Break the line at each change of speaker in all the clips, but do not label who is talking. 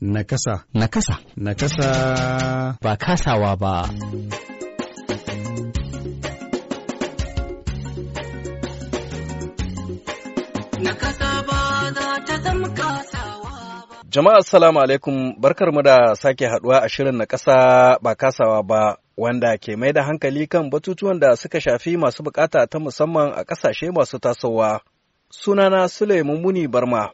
Nakasa.
Nakasa. Nakasa.
Ba kasawa ba.
Jama'a salamu alaikum barkarmu da sake haduwa a shirin na ƙasa ba kasawa ba wanda ke mai da hankali kan batutuwan da suka shafi masu bukata ta musamman a ƙasashe masu tasowa. Sunana Suleiman Muni Barma.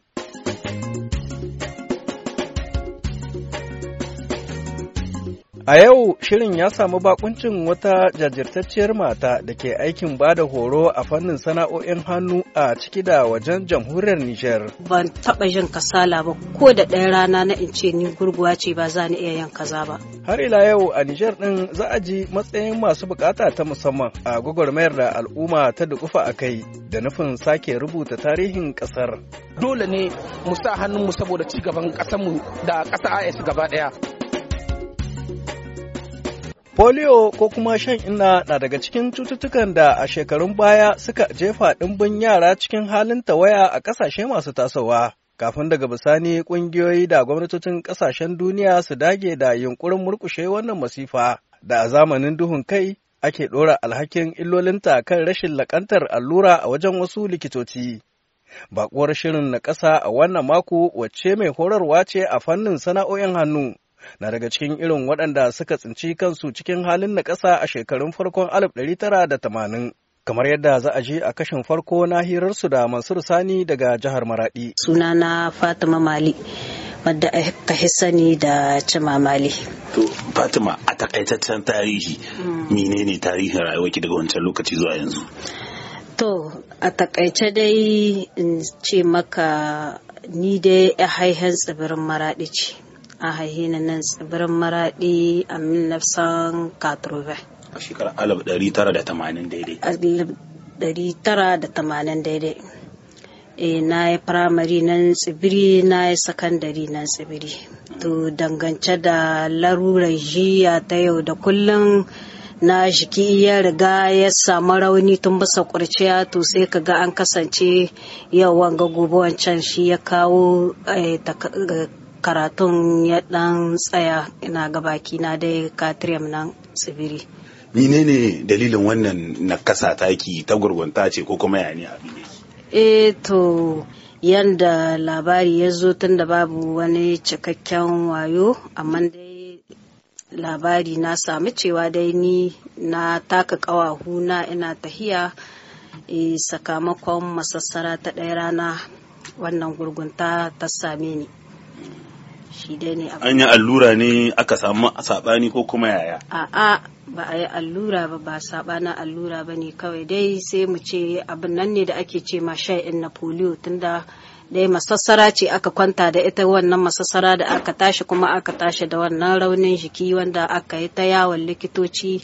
A yau shirin ya samu bakuncin wata jajirtacciyar mata da ke aikin ba da horo a fannin sana'o'in hannu a ciki da wajen jamhuriyar Nijar.
Ban taɓa jin kasala ba ko da ɗaya rana na in ce ni gurguwa ce ba za ni iya yan kaza ba.
Har ila yau a Nijar ɗin za a ji matsayin masu bukata ta musamman a gwagwarmayar da al'umma ta dukufa a kai da nufin sake
rubuta tarihin ƙasar. Dole ne mu sa hannunmu saboda ci gaban ƙasarmu da ƙasa AS gaba ɗaya.
Polio ko kuma shan inna na daga cikin cututtukan da a shekarun baya suka jefa ɗimbin yara cikin halin tawaya a ƙasashe masu tasowa. Kafin daga bisani ƙungiyoyi da gwamnatocin ƙasashen duniya su dage da yunkurin murkushe wannan masifa da a zamanin duhun kai ake ɗora alhakin illolinta kan rashin laƙantar allura a wajen wasu likitoci. Baƙuwar shirin na ƙasa a wannan mako wacce mai horarwa ce a fannin sana'o'in hannu. na daga cikin irin waɗanda suka tsinci kansu cikin halin na ƙasa a shekarun farkon 1980 kamar yadda za a je a kashin farko na hirarsu
da Mansur Sani daga jihar Maradi. Sunana Fatima Mali. wadda aka sani da Mali.
Fatima a takaitaccen tarihi menene tarihin rayuwarki daga wancan lokaci zuwa yanzu?
To a takaice dai in ce maka ni dai ya haihen tsibirin maraɗi ce. a haihina nan tsibirin maraɗi a 1980 a
shekarar 1980 daidai
1980 daidai e na yi firamare nan tsibiri na yi sakandare nan tsibiri to dangance da larurar jiya ta yau da kullum na jiki ya riga ya samu rauni tun basa kurciya to sai ka ga an kasance yau wanga gobe wancan shi ya kawo eh, eh, karatun ya dan tsaya ina baki na dai katriyam nan tsibiri
mine ne dalilin wannan nakasa taki ta gurgunta ce ko kuma ya ne abin
eh to yanda labari ya zo tun da babu wani cikakken wayo amma dai labari na sami cewa dai ni na taka kawahu na ina tahiya e, sakamakon masassara ta ɗaya rana wannan gurgunta ta same ni shi dai ne
an yi allura ne aka samu saɓani ko kuma yaya
a'a ba a yi allura ba ba saɓana allura ba ne kawai dai sai mu ce abin nan ne da ake ce ma sha'in na polio tunda dai masassara ce aka kwanta da ita wannan masassara da aka tashi kuma aka tashi da wannan raunin jiki wanda aka yi ta yawon likitoci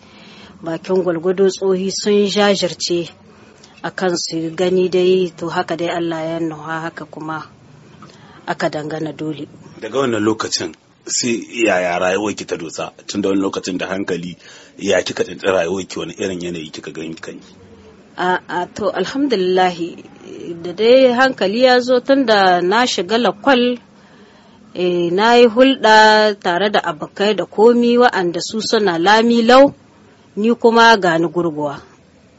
bakin gwalgwado tsohi sun jajirce a kan su gani dai to haka dai allah ya nuha haka kuma aka dangana dole
daga wannan lokacin sai yaya rayuwar ki ta dosa tun da wani lokacin da hankali ya kika tsinci rayuwar ki wani irin yanayi kika gani kan
a to alhamdulillahi da dai hankali ya zo tun da na shiga lakwal eh, na yi hulɗa tare da abokai da komi wa'anda su suna lami lau ni kuma gani gurguwa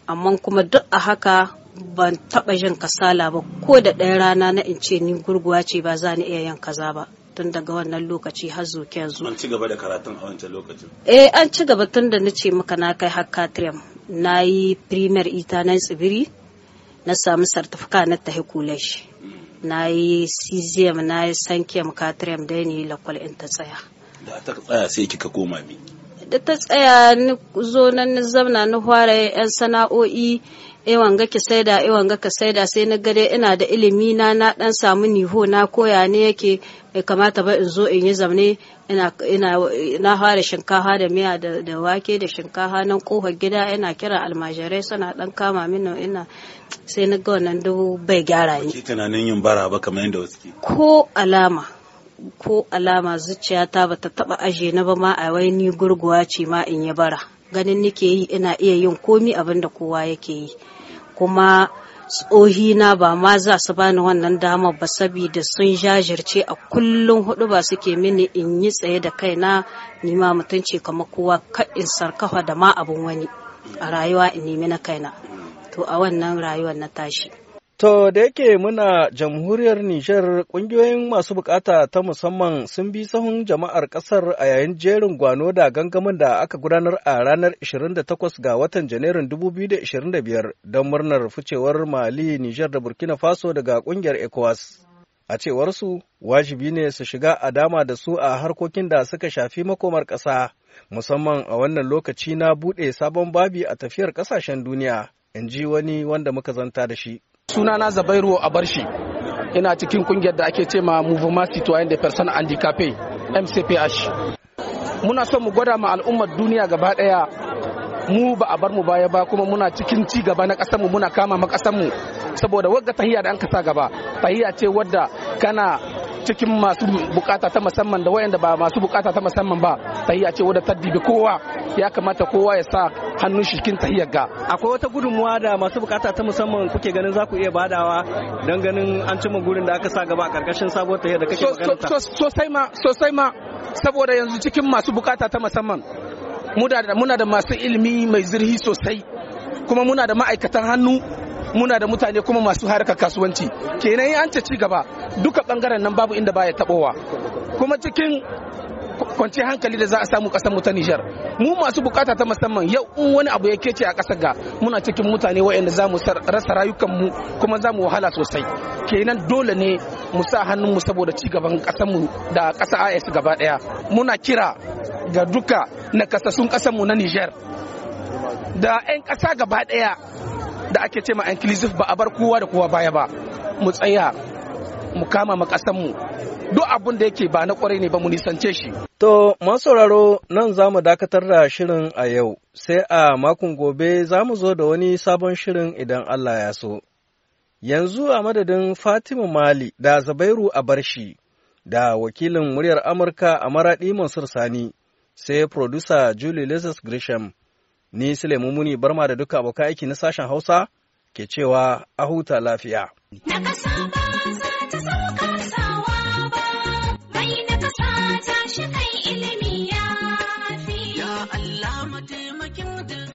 amma kuma duk a haka ban taɓa jin kasala ba ko da ɗaya rana na in ce ni gurguwa ce ba za ni iya yin kaza ba tun daga wannan lokaci har zo yanzu
an ci gaba da karatun a wancan lokacin
eh an ci gaba tun da nace maka na kai har katrium na yi primer ita na tsibiri na samu sartifika na tahi kulesh mm. na yi cesium na yi sankiyam katrium da ni lakwal in ta tsaya
da ta tsaya sai kika koma mi
da ta tsaya ni zo nan ni zamna ni fara yan sana'o'i ewan eh ga ki saida ewan eh ga ka saida sai na gare ina da ilimi na na dan samu niho na koya ne yake bai kamata ba in zo in yi zamne ina ina na fara shinkafa da miya da wake da shinkafa nan kofar gida ina kira almajirai suna dan kama min ina sai na ga wannan dubu bai gyara ni
tunanin yin bara ba kamar yadda wasu
ko alama ko alama zuciya ta bata taba aje na ba ma a wai ni gurguwa ce ma in ya bara ganin nike yi ina iya yin komi abin da kowa yake yi kuma tsohi na ba ma za su bani wannan dama ba saboda sun jajirce a kullum hudu ba suke mini in yi tsaye da kaina nima mutum ce kamar kowa ka in sarkafa da ma abin wani a rayuwa in nemi na kaina to a wannan rayuwar na tashi To
da yake muna jamhuriyar Nijar ƙungiyoyin masu bukata ta musamman sun bi sahun jama'ar ƙasar a yayin jerin gwano da gangamin da aka gudanar a ranar 28 ga watan Janairun 2025 don murnar ficewar Mali, Nijar da Burkina Faso daga ƙungiyar ECOWAS. A cewarsu, wajibi ne su shiga a dama da su a harkokin da suka shafi makomar ƙasa, musamman a wannan lokaci na buɗe sabon babi a tafiyar ƙasashen duniya, in ji wani wanda muka zanta da shi.
Sunana Zabairu Abarshi. Ina cikin kungiyar da ake ce ma Movement Citoyen de Person cafe MCPH. Muna son mu gwada ma al'ummar duniya gaba daya mu ba a bar mu baya ba kuma muna cikin ci gaba na kasanmu muna kama ma ƙasarmu saboda wagga tahiya da an kasa gaba tahiya ce wadda kana cikin masu bukata ta musamman da wayanda ba masu bukata ta musamman ba Tahiyya ce wadda ta dibi kowa ya kamata kowa ya sa hannun shi cikin
tahiyar ga akwai wata gudunmuwa da masu bukata ta musamman kuke ganin za ku iya badawa don ganin an cimma gurin da aka sa gaba a karkashin sabuwar tahiyar da kake magana
sosai ma sosai ma saboda yanzu cikin masu bukata ta musamman muna da masu ilimi mai zirhi sosai kuma muna da ma'aikatan hannu muna da mutane kuma masu harkar kasuwanci kenan an ci gaba duka bangaren nan babu inda baya tabowa kuma cikin kwanci hankali da za a samu kasar mu ta Nijar mu masu bukata ta musamman yau in wani abu ya kece a kasar ga muna cikin mutane waɗanda za mu rasa rayukan kuma za mu wahala sosai kenan dole ne mu sa hannun mu saboda ci gaban kasar mu da a AS gaba daya muna kira ga duka na kasassun kasar mu na Nijar da 'yan kasa gaba daya da ake ce ma inclusive ba a bar kowa da kowa baya ba mu tsaya mu kama mu duk abun da yake ba na kwarai ne ba mu nisance shi
To, masauraro nan za mu dakatar da shirin a yau, sai a makon gobe za mu zo da wani sabon shirin idan Allah ya so. Yanzu a madadin Fatima Mali da Zabairu a barshi, da wakilin muryar Amurka a maraɗi Mansur Sani, sai producer Julie Lesus Grisham, ni Sulaimu Muni barma da duka abokan aiki na sashen Hausa ke cewa a huta lafiya.